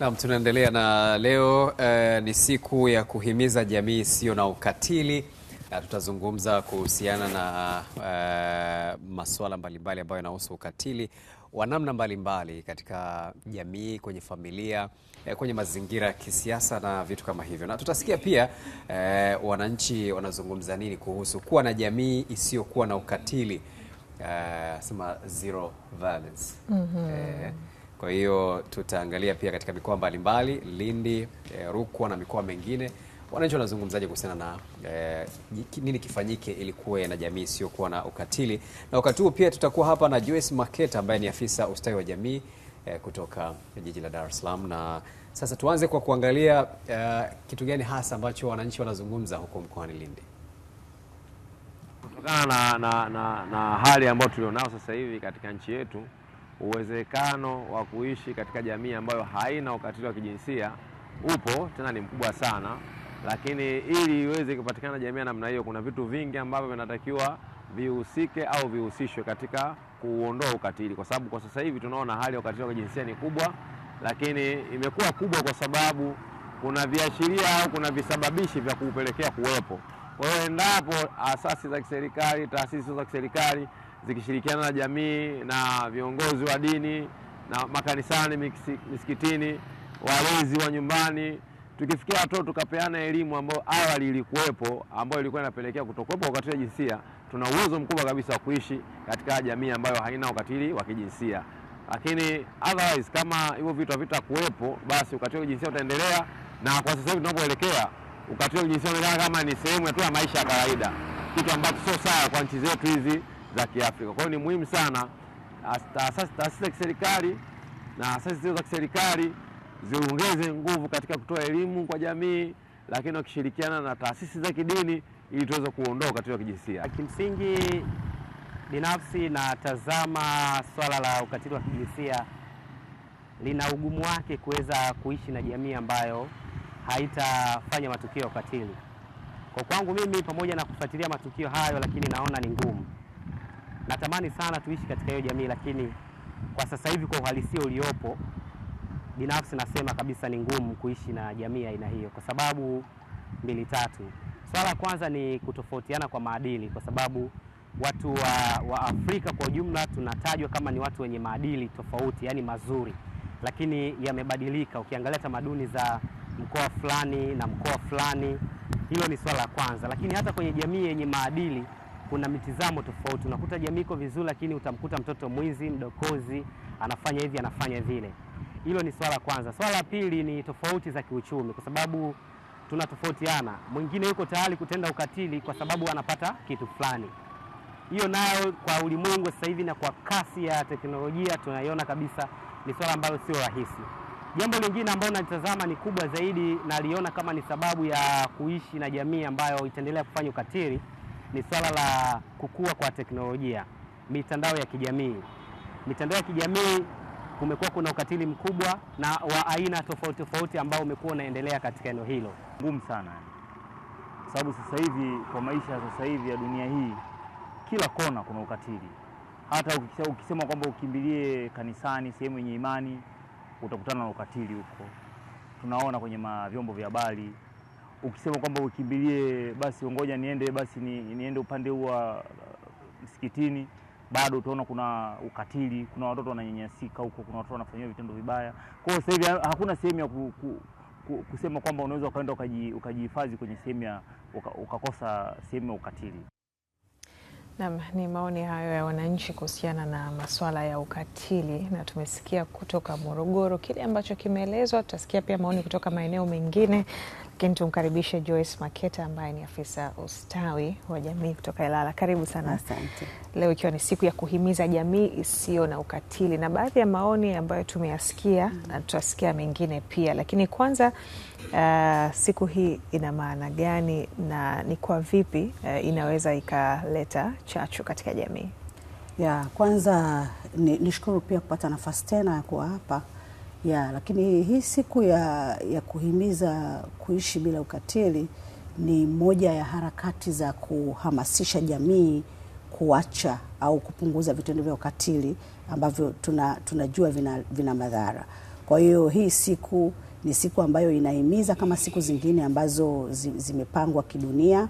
Naam, tunaendelea na leo uh, ni siku ya kuhimiza jamii isiyo na ukatili na tutazungumza kuhusiana na uh, eh, masuala mbalimbali ambayo yanahusu ukatili wa namna mbalimbali katika jamii, kwenye familia, eh, kwenye mazingira ya kisiasa na vitu kama hivyo, na tutasikia pia eh, wananchi wanazungumza nini kuhusu kuwa na jamii isiyokuwa na ukatili uh, sema zero violence. Mm -hmm. eh, kwa hiyo tutaangalia pia katika mikoa mbalimbali Lindi, e, Rukwa na mikoa mengine, wananchi wanazungumzaje kuhusiana na e, nini kifanyike ili kuwe na jamii isiyokuwa na ukatili. Na wakati huo pia tutakuwa hapa na Joyce Maketa ambaye ni afisa ustawi wa jamii e, kutoka jiji la Dar es Salaam. Na sasa tuanze kwa kuangalia e, kitu gani hasa ambacho wananchi wanazungumza huko mkoani Lindi kutokana na, na, na, na hali ambayo tulionao sasa hivi katika nchi yetu uwezekano wa kuishi katika jamii ambayo haina ukatili wa kijinsia upo tena ni mkubwa sana, lakini ili iweze kupatikana jamii ya namna hiyo, kuna vitu vingi ambavyo vinatakiwa vihusike au vihusishwe katika kuondoa ukatili, kwa sababu kwa sasa hivi tunaona hali ya ukatili wa kijinsia ni kubwa, lakini imekuwa kubwa kwa sababu kuna viashiria au kuna visababishi vya kuupelekea kuwepo. Kwa hiyo endapo asasi za kiserikali, taasisi za kiserikali zikishirikiana na jamii na viongozi wa dini na makanisani, misikitini, walezi wa nyumbani, tukifikia watoto tukapeana elimu ambayo awali ilikuwepo, ambayo ilikuwa inapelekea kutokuwepo kwa ukatili wa jinsia, tuna uwezo mkubwa kabisa wa kuishi katika jamii ambayo haina ukatili wa kijinsia. Lakini otherwise kama hivyo vitu havitakuwepo, basi ukatili wa kijinsia utaendelea, na kwa sasa hivi tunapoelekea, ukatili wa kijinsia unaonekana kama ni sehemu ya tu ya maisha ya kawaida, kitu ambacho sio sawa kwa nchi zetu hizi za Kiafrika. Kwa hiyo ni muhimu sana taasisi za kiserikali na asasi zisizo za kiserikali ziongeze nguvu katika kutoa elimu kwa jamii, lakini wakishirikiana na taasisi za kidini ili tuweze kuondoa ukatili wa kijinsia. Kimsingi, binafsi natazama swala la ukatili wa kijinsia lina ugumu wake kuweza kuishi na jamii ambayo haitafanya matukio ya ukatili. Kwa kwangu mimi, pamoja na kufuatilia matukio hayo, lakini naona ni ngumu natamani sana tuishi katika hiyo jamii, lakini kwa sasa hivi kwa uhalisia uliopo, binafsi nasema kabisa ni ngumu kuishi na jamii aina hiyo kwa sababu mbili tatu. Swala la kwanza ni kutofautiana kwa maadili, kwa sababu watu wa, wa Afrika kwa ujumla tunatajwa kama ni watu wenye maadili tofauti, yani mazuri, lakini yamebadilika. Ukiangalia tamaduni za mkoa fulani na mkoa fulani, hilo ni swala la kwanza. Lakini hata kwenye jamii yenye maadili kuna mitizamo tofauti. Unakuta jamii iko vizuri, lakini utamkuta mtoto mwizi, mdokozi, anafanya hivi, anafanya vile. Hilo ni swala kwanza. Swala la pili ni tofauti za kiuchumi, kwa sababu tunatofautiana. Mwingine yuko tayari kutenda ukatili kwa sababu anapata kitu fulani. Hiyo nayo kwa ulimwengu sasa hivi na kwa kasi ya teknolojia tunaiona kabisa ni swala ambalo sio rahisi. Jambo lingine ambalo nalitazama ni kubwa zaidi, naliona kama ni sababu ya kuishi na jamii ambayo itaendelea kufanya ukatili ni swala la kukua kwa teknolojia, mitandao ya kijamii. Mitandao ya kijamii kumekuwa kuna ukatili mkubwa na wa aina tofauti tofauti ambao umekuwa unaendelea katika eneo hilo, ngumu sana sababu sasa hivi kwa maisha sasa hivi ya dunia hii, kila kona kuna ukatili. Hata ukisema kwamba ukimbilie kanisani, sehemu yenye imani, utakutana na ukatili huko, tunaona kwenye vyombo vya habari ukisema kwamba ukimbilie basi ngoja niende basi ni, niende upande huu wa uh, msikitini, bado utaona kuna ukatili, kuna watoto wananyanyasika huko, kuna watoto wanafanyiwa vitendo vibaya. Kwa hiyo sasa hivi hakuna sehemu ya ku, ku, ku, kusema kwamba unaweza ukaenda ukajihifadhi kwenye sehemu ya ukakosa sehemu ya ukatili. Naam, ni maoni hayo ya wananchi kuhusiana na masuala ya ukatili, na tumesikia kutoka Morogoro kile ambacho kimeelezwa. Tutasikia pia maoni kutoka maeneo mengine. Lakini tumkaribishe Joyce Maketa ambaye ni afisa ustawi wa jamii kutoka Ilala. Karibu sana. Asante. Leo ikiwa ni siku ya kuhimiza jamii isiyo na ukatili na baadhi ya maoni ambayo tumeyasikia mm. na tutasikia mengine pia, lakini kwanza uh, siku hii ina maana gani na ni kwa vipi uh, inaweza ikaleta chachu katika jamii? Ya kwanza nishukuru ni pia kupata nafasi tena ya kuwa hapa ya, lakini hii siku ya, ya kuhimiza kuishi bila ukatili ni moja ya harakati za kuhamasisha jamii kuacha au kupunguza vitendo vya ukatili ambavyo tuna, tunajua vina, vina madhara. Kwa hiyo hii siku ni siku ambayo inahimiza kama siku zingine ambazo zimepangwa kidunia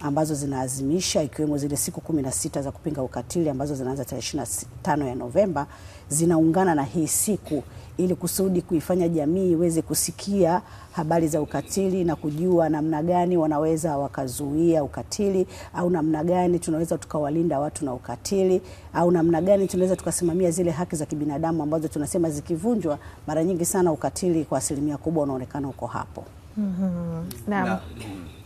ambazo zinaazimisha ikiwemo zile siku kumi na sita za kupinga ukatili ambazo zinaanza tarehe tano ya Novemba zinaungana na hii siku ili kusudi kuifanya jamii iweze kusikia habari za ukatili na kujua namna gani wanaweza wakazuia ukatili au namna gani tunaweza tukawalinda watu na ukatili au namna gani tunaweza tukasimamia zile haki za kibinadamu ambazo tunasema zikivunjwa, mara nyingi sana ukatili kwa asilimia kubwa unaonekana uko hapo. Mm-hmm. Mm -hmm. Na,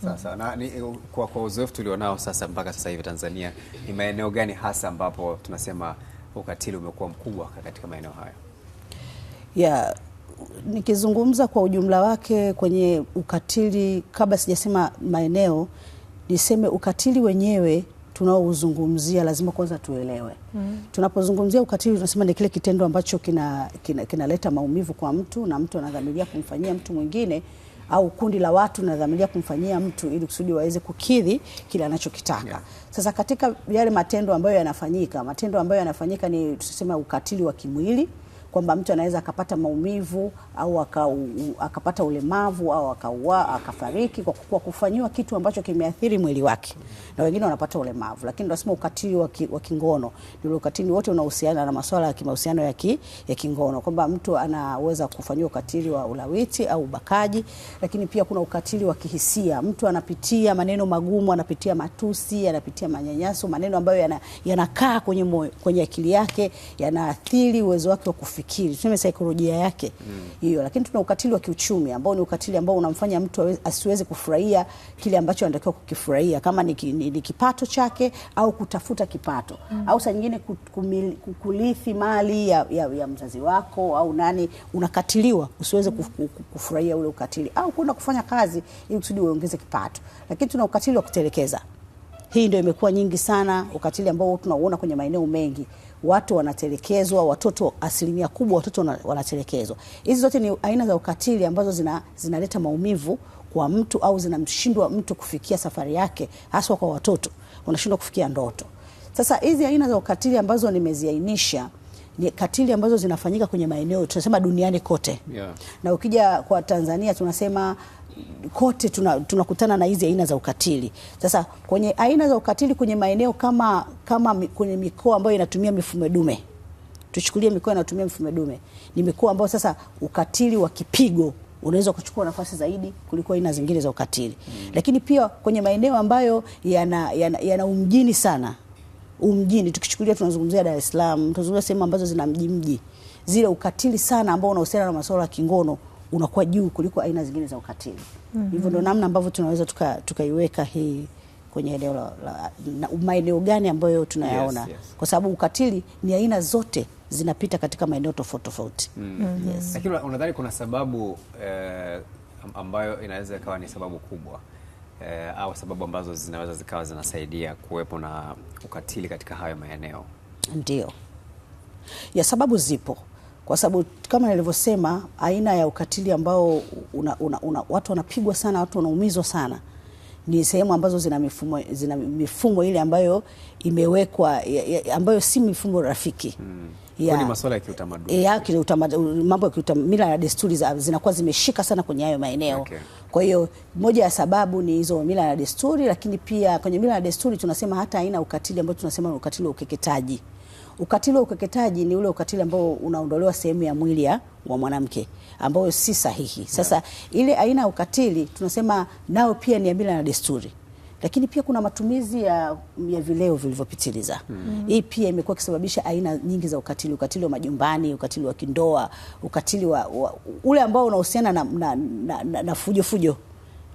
sasa na, ni, kwa, kwa uzoefu tulionao sasa mpaka sasa hivi Tanzania, ni maeneo gani hasa ambapo tunasema ukatili umekuwa mkubwa katika maeneo hayo? ya nikizungumza kwa ujumla wake kwenye ukatili, kabla sijasema maeneo, niseme ukatili wenyewe tunaouzungumzia lazima kwanza tuelewe. mm. -hmm. Tunapozungumzia ukatili tunasema ni kile kitendo ambacho kinaleta kina, kina maumivu kwa mtu na mtu anadhamiria kumfanyia mtu mwingine au kundi la watu linadhamiria kumfanyia mtu ili kusudi waweze kukidhi kile anachokitaka. Yeah. Sasa katika yale matendo ambayo yanafanyika, matendo ambayo yanafanyika ni tuseme ukatili wa kimwili mm kwamba mtu anaweza akapata maumivu au aka, u, akapata ulemavu au akaua akafariki kwa, kwa kufanyiwa kitu ambacho kimeathiri mwili wake, na wengine wanapata ulemavu. Lakini tunasema ukatili wa ki, wa kingono ni ukatili wote unahusiana na masuala ya kimahusiano ya, ki, ya kingono kwamba mtu anaweza kufanyiwa ukatili wa ulawiti au ubakaji, lakini pia kuna ukatili wa kihisia. Mtu anapitia maneno magumu, anapitia matusi, anapitia manyanyaso, maneno ambayo yanakaa yana kwenye, kwenye akili yake yanaathiri uwezo wake wa kufikia kufikiri, tuseme saikolojia yake hmm. hiyo mm. Lakini tuna ukatili wa kiuchumi ambao ni ukatili ambao unamfanya mtu asiweze kufurahia kile ambacho anatakiwa kukifurahia, kama ni, ni, ni kipato chake au kutafuta kipato mm. au saa nyingine kulithi mali ya, ya, ya mzazi wako au nani, unakatiliwa usiweze mm. kufurahia ule ukatili, au kwenda kufanya kazi ili kusudi uongeze kipato. Lakini tuna ukatili wa kutelekeza hii ndio imekuwa nyingi sana, ukatili ambao tunauona kwenye maeneo mengi, watu wanatelekezwa, watoto, asilimia kubwa watoto wanatelekezwa. Hizi zote ni aina za ukatili ambazo zina, zinaleta maumivu kwa mtu au zinamshindwa mtu kufikia safari yake, haswa kwa watoto wanashindwa kufikia ndoto. Sasa hizi aina za ukatili ambazo nimeziainisha ni katili ambazo zinafanyika kwenye maeneo tunasema duniani kote, yeah. Na ukija kwa Tanzania tunasema kote tunakutana tuna na hizi aina za ukatili. Sasa kwenye aina za ukatili kwenye maeneo kama, kama kwenye mikoa ambayo inatumia mifumo dume, tuchukulie mikoa inatumia mifumo dume, ni mikoa ambayo sasa ukatili wa kipigo unaweza kuchukua nafasi zaidi kuliko aina zingine za ukatili mm. Lakini pia kwenye maeneo ambayo yana, yana, yana umjini sana umjini, tukichukulia tunazungumzia Dar es Salaam, tunazungumzia sehemu ambazo zina mjimji, zile ukatili sana ambao unahusiana na masuala ya kingono unakuwa juu kuliko aina zingine za ukatili. mm -hmm. Hivyo namna ambavyo tunaweza tukaiweka tuka hii kwenye eneo la, la, maeneo gani ambayo tunayaona? yes, yes. Kwa sababu ukatili ni aina zote zinapita katika maeneo tofauti tofauti. mm. -hmm. yes. Lakini unadhani kuna sababu eh, ambayo inaweza ikawa ni sababu kubwa eh, au sababu ambazo zinaweza zikawa zinasaidia kuwepo na ukatili katika hayo maeneo? Ndio ya sababu zipo kwa sababu kama nilivyosema, aina ya ukatili ambao una, una, una, watu wanapigwa sana, watu wanaumizwa sana ni sehemu ambazo zina mifumo, zina mifumo ile ambayo imewekwa ambayo si mifumo rafiki hmm. Ya, ya kiutamaduni. mambo ya kiutamila mila na desturi zinakuwa zimeshika sana kwenye hayo maeneo. Okay. Kwa hiyo moja ya sababu ni hizo mila na desturi, lakini pia kwenye mila na desturi tunasema hata aina ukatili ambayo tunasema ni ukatili wa ukeketaji. Ukatili wa ukeketaji ni ule ukatili ambao unaondolewa sehemu ya mwili ya wa mwanamke ambayo si sahihi. Sasa yeah. ile aina ya ukatili tunasema nao pia ni mila na desturi, lakini pia kuna matumizi ya, ya vileo vilivyopitiliza mm. Hii pia imekuwa ikisababisha aina nyingi za ukatili, ukatili wa majumbani, ukatili wa kindoa, ukatili wa, wa ule ambao unahusiana na, na, na, na, na fujofujo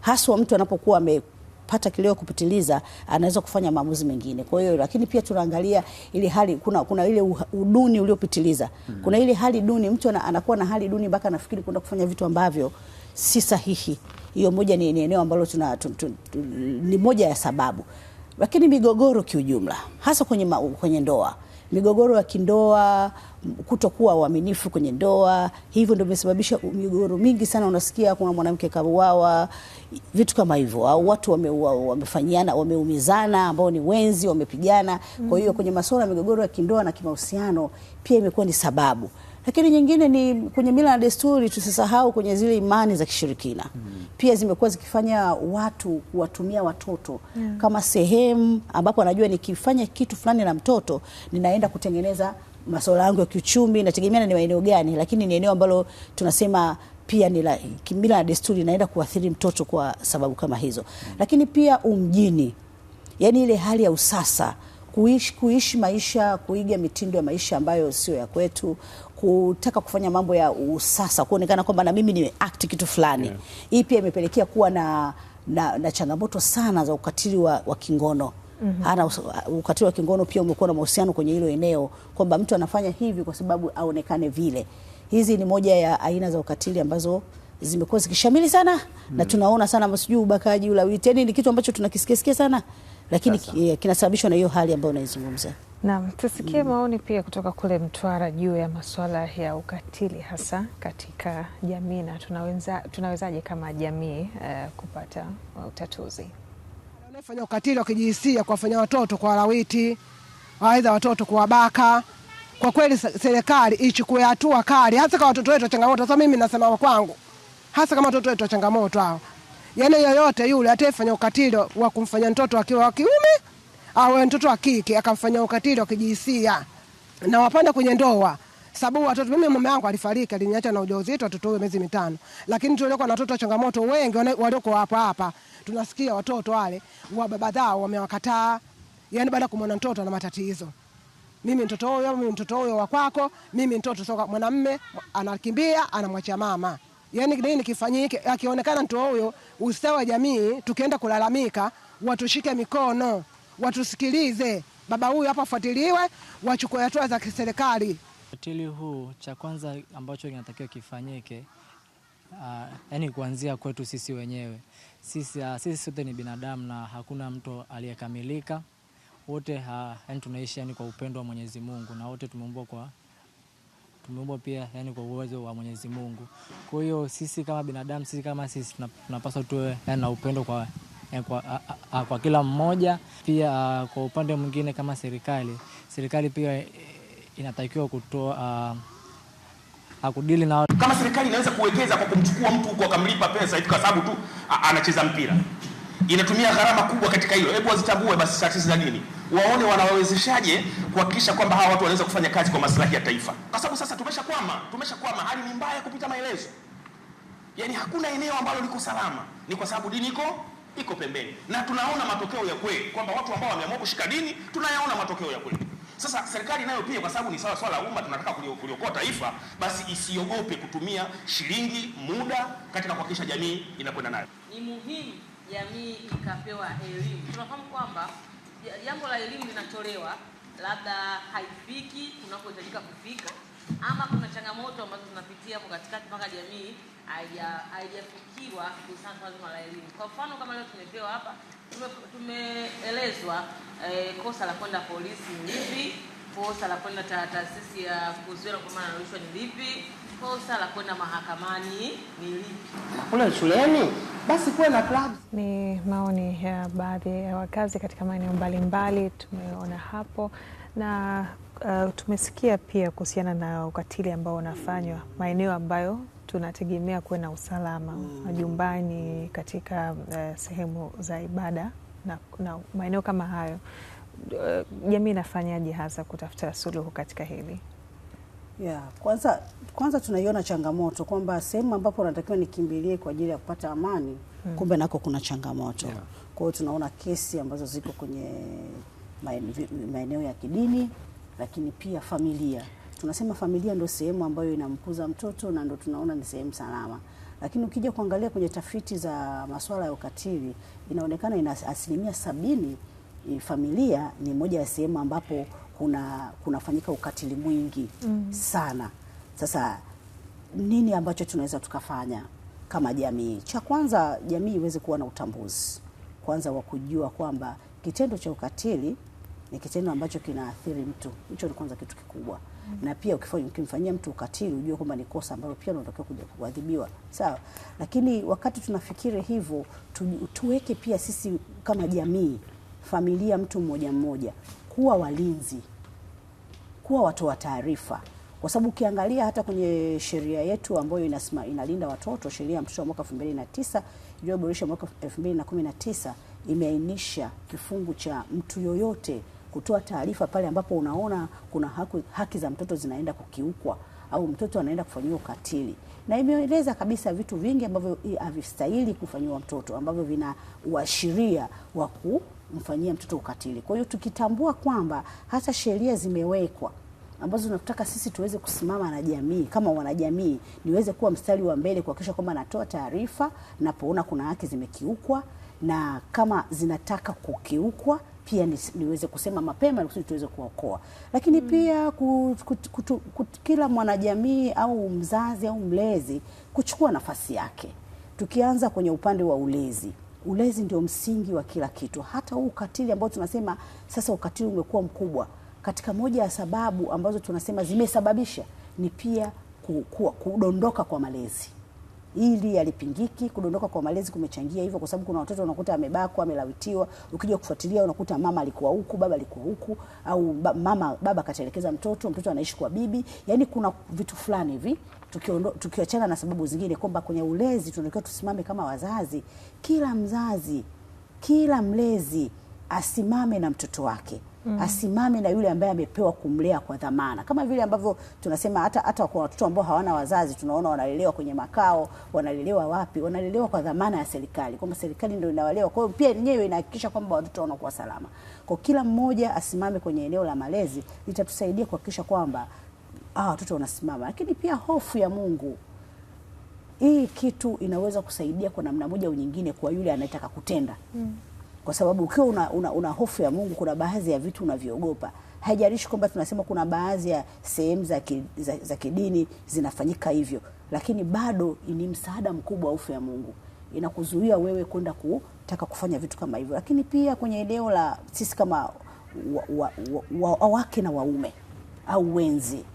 haswa mtu anapokuwa ame anapata kileo kupitiliza, anaweza kufanya maamuzi mengine. Kwa hiyo lakini pia tunaangalia ile hali, kuna, kuna ile uduni uliopitiliza mm -hmm. kuna ile hali duni, mtu anakuwa na hali duni mpaka anafikiri kwenda kufanya vitu ambavyo si sahihi. Hiyo moja ni eneo ambalo tuna, tu, tu, tu, ni moja ya sababu, lakini migogoro kiujumla, hasa kwenye, ma, kwenye ndoa migogoro ya kindoa, kutokuwa uaminifu kwenye ndoa. Hivyo ndio vimesababisha migogoro mingi sana. Unasikia kuna mwanamke kauawa, vitu kama hivyo, au watu wamefanyiana, wame wameumizana, ambao ni wenzi, wamepigana. Kwa hiyo kwenye masuala ya migogoro ya kindoa na kimahusiano pia imekuwa ni sababu. Lakini nyingine ni kwenye mila na desturi, tusisahau kwenye zile imani za kishirikina mm. pia zimekuwa zikifanya watu kuwatumia watoto yeah. kama sehemu ambapo anajua nikifanya kitu fulani na mtoto ninaenda kutengeneza masuala yangu ya kiuchumi, nategemeana ni maeneo gani, lakini ni eneo ambalo tunasema pia ni la kimila na desturi, inaenda kuathiri mtoto kwa sababu kama hizo mm. lakini pia umjini, yani ile hali ya usasa kuishi kuishi maisha kuiga mitindo ya maisha ambayo sio ya kwetu, kutaka kufanya mambo ya usasa, kuonekana kwamba na mimi nimeact kitu fulani yeah. Hii pia imepelekea kuwa na, na, na changamoto sana za ukatili wa, wa kingono mm -hmm. Ana ukatili wa kingono pia umekuwa na mahusiano kwenye hilo eneo kwamba mtu anafanya hivi kwa sababu aonekane vile. Hizi ni moja ya aina za ukatili ambazo zimekuwa zikishamili sana mm. Na tunaona sana sijui ubakaji, ulawiti, yani ni kitu ambacho tunakisikisikia sana, lakini kinasababishwa na hiyo hali ambayo unaizungumza. Naam, tusikie maoni pia kutoka kule Mtwara juu ya masuala ya ukatili hasa katika jamii na tunaweza, tunawezaje kama jamii uh, kupata utatuzi. Wanaofanya ukatili wa kijinsia kuwafanya watoto kwa walawiti, aidha watoto kuwabaka. Kwa kweli serikali ichukue hatua kali, hasa kwa watoto wetu wa changamoto. Sasa mimi nasema kwangu, hasa kama watoto wetu wa changamoto hao, yaani yoyote yule atayefanya ukatili wa kumfanya mtoto akiwa wa kiume awe mtoto wa kike akamfanyia ukatili wa kijinsia na wapanda kwenye ndoa sababu watoto mimi mume wangu alifariki, aliniacha na ujauzito watoto huyo miezi mitano, lakini tuliokuwa na watoto wa changamoto wengi walioko hapa hapa, tunasikia watoto wale wa baba zao wamewakataa, yani baada kumwona mtoto ana matatizo, mimi mtoto huyo, mimi mtoto huyo wa kwako, mimi mtoto soka mwanamme, anakimbia anamwacha mama. Yani nini kifanyike? Akionekana mtoto huyo, ustawi wa jamii, tukienda kulalamika watushike mikono watusikilize, baba huyu hapa afuatiliwe, wachukue hatua za kiserikali. Utili huu cha kwanza ambacho kinatakiwa kifanyike Uh, ah, yani kuanzia kwetu sisi wenyewe sisi, uh, sisi sote ni binadamu na hakuna mtu aliyekamilika. Wote uh, ah, yani tunaishi yani kwa upendo wa Mwenyezi Mungu na wote tumeumbwa kwa tumeumbwa pia yani kwa uwezo wa Mwenyezi Mungu. Kwa hiyo sisi kama binadamu sisi kama sisi tunapaswa tuwe yani na upendo kwa, yani eh, kwa, a, a, a, kwa kila mmoja pia uh, kwa upande mwingine, kama serikali, serikali pia eh, inatakiwa kutoa uh, kudili na kama serikali inaweza kuwekeza kwa kumchukua mtu huko akamlipa pesa hivi kwa sababu tu anacheza mpira, inatumia gharama kubwa katika hilo. Hebu wazitambue basi taasisi za dini, waone wanawawezeshaje kuhakikisha kwamba hawa watu wanaweza kufanya kazi kwa maslahi ya taifa, kwa sababu sasa tumeshakwama, tumeshakwama, hali ni mbaya kupita maelezo. Yani hakuna eneo ambalo liko salama, ni kwa sababu dini iko iko pembeni, na tunaona matokeo ya kweli kwamba watu ambao wameamua kushika dini, tunayaona matokeo ya kweli. Sasa serikali nayo pia, kwa sababu ni sawa swala la umma, tunataka kuliokoa taifa, basi isiogope kutumia shilingi, muda katika kuhakikisha jamii inakwenda nayo. Ni muhimu jamii ikapewa elimu. Tunafahamu kwamba jambo la elimu linatolewa, labda haifiki tunapohitajika kufika, ama kuna changamoto ambazo tunapitia katikati mpaka jamii haijafikiwa kuhusiana na zima la elimu. Kwa mfano kama leo tumepewa hapa, tumeelezwa e, kosa la kwenda polisi ni lipi, kosa la kwenda taasisi ya kuzuia na kupambana na rushwa ni lipi, kosa la kwenda mahakamani ni lipi. Kule shuleni basi kuwe na clubs. Ni maoni ya baadhi ya wakazi katika maeneo mbalimbali tumeona hapo na uh, tumesikia pia kuhusiana na ukatili ambao unafanywa maeneo ambayo tunategemea kuwe na usalama mm. majumbani, mm. katika uh, sehemu za ibada na, na maeneo kama hayo eh, jamii uh, inafanyaje hasa kutafuta suluhu katika hili? Yeah, kwanza kwanza tunaiona changamoto kwamba sehemu ambapo unatakiwa nikimbilie kwa ajili ya kupata amani mm. kumbe nako kuna changamoto yeah. Kwa hiyo tunaona kesi ambazo ziko kwenye maeneo ya kidini, lakini pia familia tunasema familia ndo sehemu ambayo inamkuza mtoto na ndo tunaona ni sehemu salama, lakini ukija kuangalia kwenye tafiti za masuala ya ukatili inaonekana ina asilimia sabini eh, familia ni moja ya sehemu ambapo kuna kunafanyika ukatili mwingi mm. sana. Sasa nini ambacho tunaweza tukafanya kama jamii? Cha kwanza, jamii iweze kuwa na utambuzi kwanza wa kujua kwamba kitendo cha ukatili ni kitendo ambacho kinaathiri mtu. Hicho ni kwanza kitu kikubwa na pia ukifanya ukimfanyia mtu ukatili ujue kwamba ni kosa ambalo pia unatakiwa kuja kuadhibiwa, sawa. Lakini wakati tunafikiri hivyo tu, tuweke pia sisi kama jamii, familia, mtu mmoja mmoja kuwa walinzi, kuwa watoa taarifa kwa sababu ukiangalia hata kwenye sheria yetu ambayo inasema inalinda watoto, sheria ya mtoto ya mwaka 2009 iliyoboreshwa mwaka 2019 imeainisha kifungu cha mtu yoyote kutoa taarifa pale ambapo unaona kuna haku, haki za mtoto zinaenda kukiukwa au mtoto anaenda kufanyiwa ukatili, na imeeleza kabisa vitu vingi ambavyo havistahili kufanyiwa mtoto ambavyo vina uashiria wa kumfanyia mtoto ukatili. Kwa hiyo tukitambua kwamba hata sheria zimewekwa ambazo tunataka sisi tuweze kusimama na jamii kama wanajamii, niweze kuwa mstari wa mbele kuhakikisha kwamba natoa taarifa napoona kuna haki zimekiukwa, na kama zinataka kukiukwa pia niweze kusema mapema kusudi tuweze kuokoa. Lakini mm. pia kutu, kutu, kutu, kila mwanajamii au mzazi au mlezi kuchukua nafasi yake. Tukianza kwenye upande wa ulezi, ulezi ndio msingi wa kila kitu, hata huu ukatili ambao tunasema sasa ukatili umekuwa mkubwa. Katika moja ya sababu ambazo tunasema zimesababisha ni pia kukua, kudondoka kwa malezi ili alipingiki Kudondoka kwa malezi kumechangia hivyo, kwa sababu kuna watoto unakuta amebakwa, amelawitiwa, ukija kufuatilia unakuta mama alikuwa huku, baba alikuwa huku, au mama baba katelekeza mtoto, mtoto anaishi kwa bibi. Yani kuna vitu fulani hivi tukiachana na sababu zingine, kwamba kwenye ulezi tunatakiwa tusimame kama wazazi, kila mzazi, kila mlezi asimame na mtoto wake mm. asimame na yule ambaye amepewa kumlea kwa dhamana, kama vile ambavyo tunasema hata hata kwa watoto ambao hawana wazazi, tunaona wanalelewa kwenye makao. Wanalelewa wapi? Wanalelewa kwa dhamana ya serikali, kwamba serikali ndio inawalea. Kwa hiyo pia yenyewe inahakikisha kwamba watoto wanakuwa salama. Kwa kila mmoja asimame kwenye eneo la malezi, litatusaidia kuhakikisha kwamba ah, watoto wanasimama, lakini pia hofu ya Mungu hii kitu inaweza kusaidia kwa namna moja au nyingine kwa yule anayetaka kutenda mm kwa sababu ukiwa una, una, una hofu ya Mungu kuna baadhi ya vitu unavyogopa. Haijalishi kwamba tunasema kuna baadhi ya sehemu za, ki, za, za kidini zinafanyika hivyo, lakini bado ni msaada mkubwa wa hofu ya Mungu, inakuzuia wewe kwenda kutaka kufanya vitu kama hivyo. Lakini pia kwenye eneo la sisi kama wa, wa, wa, wake na waume au wenzi,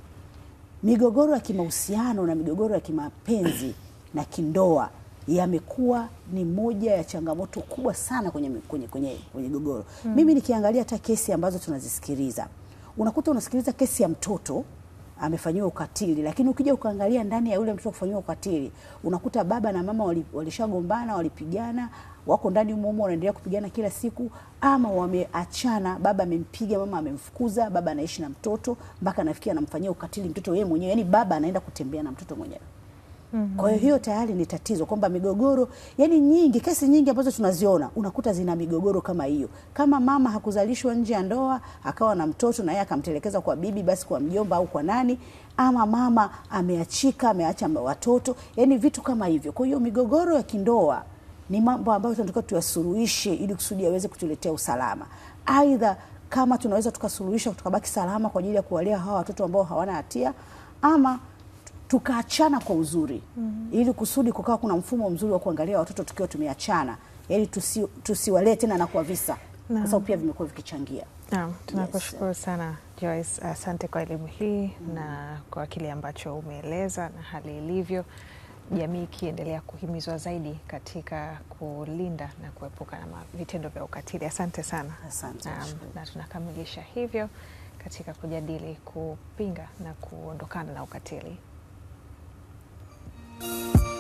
migogoro ya kimahusiano na migogoro ya kimapenzi na kindoa yamekuwa ni moja ya changamoto kubwa sana kwenye, kwenye, kwenye, kwenye gogoro mm. Mimi nikiangalia hata kesi ambazo tunazisikiliza unakuta unasikiliza kesi ya mtoto amefanyiwa ukatili, lakini ukija ukaangalia ndani ya yule mtoto kufanyiwa ukatili unakuta baba na mama walishagombana, walipigana, wako ndani humo wanaendelea kupigana kila siku, ama wameachana, baba amempiga, mama amemfukuza, baba anaishi na mtoto mpaka anafikia anamfanyia ukatili mtoto yeye mwenyewe, yani baba anaenda kutembea na mtoto mwenyewe. -hmm. Kwa hiyo hiyo tayari ni tatizo kwamba migogoro yani nyingi, kesi nyingi ambazo tunaziona unakuta zina migogoro kama hiyo. Kama mama hakuzalishwa nje ya ndoa akawa na mtoto na yeye akamtelekeza kwa bibi, basi kwa mjomba au kwa nani, ama mama ameachika ameacha watoto, yani vitu kama hivyo. Kwa hiyo migogoro ya kindoa ni mambo ambayo tunataka tuyasuluhishe ili kusudi yaweze kutuletea usalama. Aidha, kama tunaweza tukasuluhisha tukabaki salama kwa ajili ya kuwalea hawa watoto ambao hawana hatia ama tukaachana kwa uzuri mm -hmm. ili kusudi kukawa kuna mfumo mzuri wa kuangalia watoto tukiwa tumeachana, yani tusi, tusiwalee tena na kuwavisa kwa sababu pia vimekuwa vikichangia. tunakushukuru yes. sana Joyce, asante kwa elimu hii mm -hmm. na kwa kile ambacho umeeleza na hali ilivyo jamii ikiendelea kuhimizwa zaidi katika kulinda na kuepuka na vitendo vya ukatili. Asante sana. Asante, um, na tunakamilisha hivyo katika kujadili kupinga na kuondokana na ukatili. Música